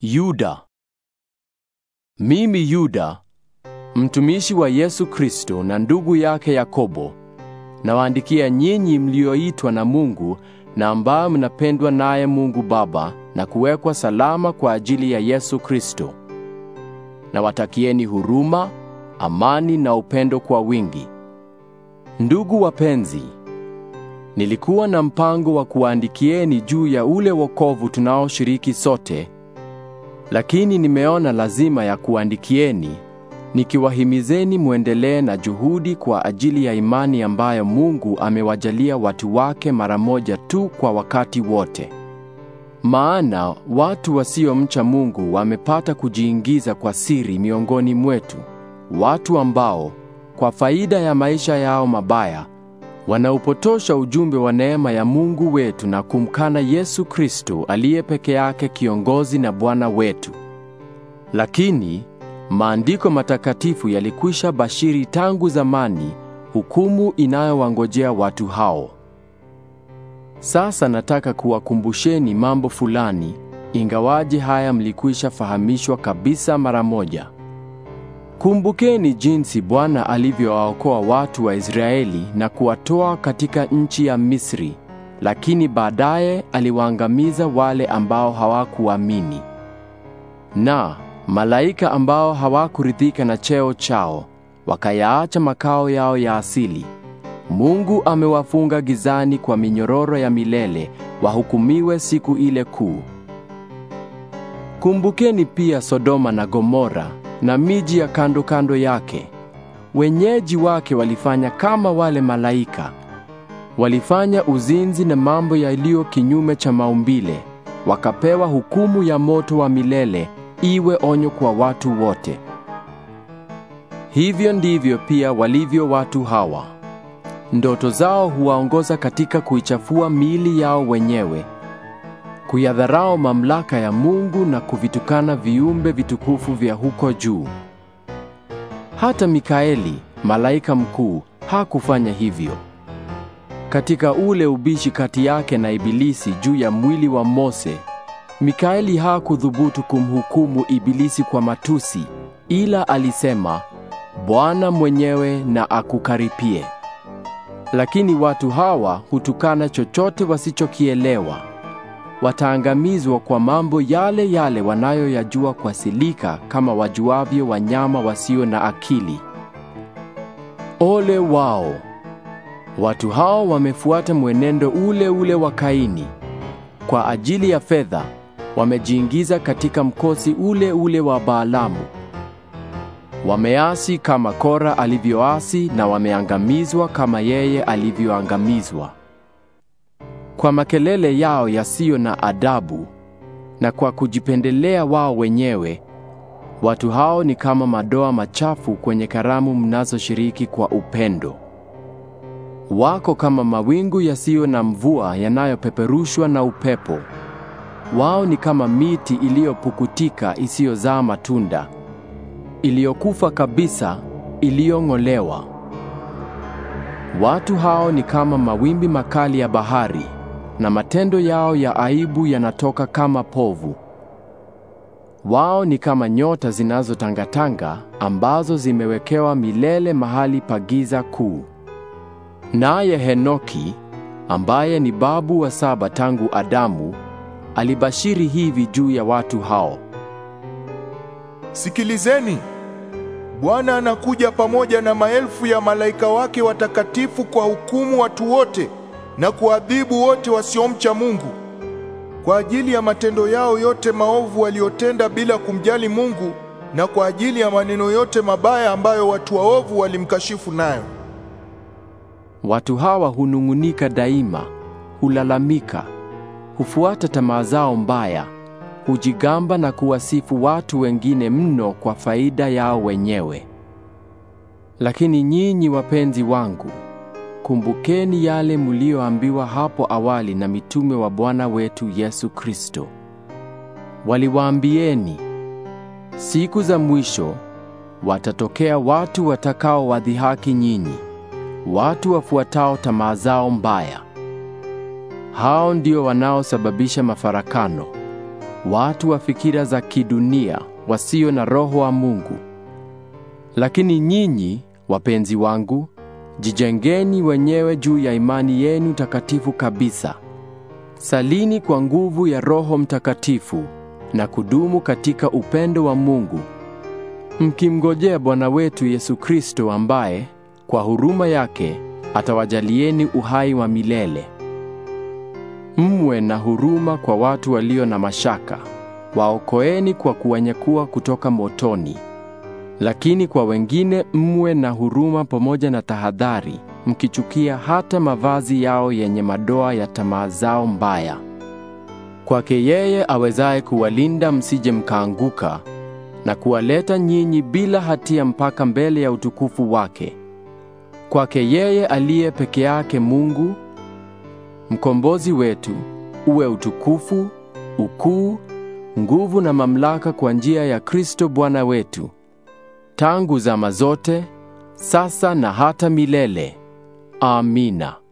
Yuda. Mimi Yuda, mtumishi wa Yesu Kristo na ndugu yake Yakobo, nawaandikia nyinyi mlioitwa na Mungu na ambao mnapendwa naye Mungu Baba na kuwekwa salama kwa ajili ya Yesu Kristo. Nawatakieni huruma, amani na upendo kwa wingi. Ndugu wapenzi, nilikuwa na mpango wa kuwaandikieni juu ya ule wokovu tunaoshiriki sote lakini nimeona lazima ya kuandikieni nikiwahimizeni mwendelee na juhudi kwa ajili ya imani ambayo Mungu amewajalia watu wake mara moja tu kwa wakati wote. Maana watu wasiomcha Mungu wamepata kujiingiza kwa siri miongoni mwetu, watu ambao kwa faida ya maisha yao mabaya wanaupotosha ujumbe wa neema ya Mungu wetu na kumkana Yesu Kristo aliye peke yake kiongozi na Bwana wetu. Lakini maandiko matakatifu yalikwisha bashiri tangu zamani hukumu inayowangojea watu hao. Sasa nataka kuwakumbusheni mambo fulani, ingawaje haya mlikwisha fahamishwa kabisa mara moja. Kumbukeni jinsi Bwana alivyowaokoa watu wa Israeli na kuwatoa katika nchi ya Misri, lakini baadaye aliwaangamiza wale ambao hawakuamini. Na malaika ambao hawakuridhika na cheo chao, wakayaacha makao yao ya asili. Mungu amewafunga gizani kwa minyororo ya milele, wahukumiwe siku ile kuu. Kumbukeni pia Sodoma na Gomora na miji ya kando kando yake. Wenyeji wake walifanya kama wale malaika, walifanya uzinzi na mambo yaliyo kinyume cha maumbile, wakapewa hukumu ya moto wa milele, iwe onyo kwa watu wote. Hivyo ndivyo pia walivyo watu hawa. Ndoto zao huwaongoza katika kuichafua miili yao wenyewe kuyadharau mamlaka ya Mungu na kuvitukana viumbe vitukufu vya huko juu. Hata Mikaeli, malaika mkuu, hakufanya hivyo. Katika ule ubishi kati yake na Ibilisi juu ya mwili wa Mose, Mikaeli hakudhubutu kumhukumu Ibilisi kwa matusi, ila alisema, Bwana mwenyewe na akukaripie. Lakini watu hawa hutukana chochote wasichokielewa wataangamizwa kwa mambo yale yale wanayoyajua kwa silika, kama wajuavyo wanyama wasio na akili. Ole wao! Watu hao wamefuata mwenendo ule ule wa Kaini. Kwa ajili ya fedha wamejiingiza katika mkosi ule ule wa baalamu Wameasi kama Kora alivyoasi na wameangamizwa kama yeye alivyoangamizwa kwa makelele yao yasiyo na adabu na kwa kujipendelea wao wenyewe. Watu hao ni kama madoa machafu kwenye karamu mnazoshiriki kwa upendo. Wako kama mawingu yasiyo na mvua yanayopeperushwa na upepo. Wao ni kama miti iliyopukutika isiyozaa matunda, iliyokufa kabisa, iliyong'olewa. Watu hao ni kama mawimbi makali ya bahari na matendo yao ya aibu yanatoka kama povu. Wao ni kama nyota zinazotangatanga ambazo zimewekewa milele mahali pa giza kuu. Naye Henoki ambaye ni babu wa saba tangu Adamu alibashiri hivi juu ya watu hao: Sikilizeni, Bwana anakuja pamoja na maelfu ya malaika wake watakatifu kwa hukumu watu wote na kuadhibu wote wasiomcha Mungu. Kwa ajili ya matendo yao yote maovu waliotenda bila kumjali Mungu na kwa ajili ya maneno yote mabaya ambayo watu waovu walimkashifu nayo. Watu hawa hunung'unika daima, hulalamika, hufuata tamaa zao mbaya, hujigamba na kuwasifu watu wengine mno kwa faida yao wenyewe. Lakini nyinyi wapenzi wangu kumbukeni yale mlioambiwa hapo awali na mitume wa Bwana wetu Yesu Kristo. Waliwaambieni, siku za mwisho watatokea watu watakaowadhihaki nyinyi, watu wafuatao tamaa zao mbaya. Hao ndio wanaosababisha mafarakano, watu wa fikira za kidunia, wasio na roho wa Mungu. Lakini nyinyi, wapenzi wangu, Jijengeni wenyewe juu ya imani yenu takatifu kabisa. Salini kwa nguvu ya Roho Mtakatifu na kudumu katika upendo wa Mungu, Mkimgojea Bwana wetu Yesu Kristo ambaye kwa huruma yake atawajalieni uhai wa milele. Mwe na huruma kwa watu walio na mashaka, waokoeni kwa kuwanyakua kutoka motoni. Lakini kwa wengine mwe na huruma pamoja na tahadhari, mkichukia hata mavazi yao yenye madoa ya tamaa zao mbaya. Kwake yeye awezaye kuwalinda msije mkaanguka, na kuwaleta nyinyi bila hatia mpaka mbele ya utukufu wake. Kwake yeye aliye peke yake Mungu mkombozi wetu, uwe utukufu, ukuu, nguvu na mamlaka kwa njia ya Kristo Bwana wetu tangu zama zote, sasa na hata milele. Amina.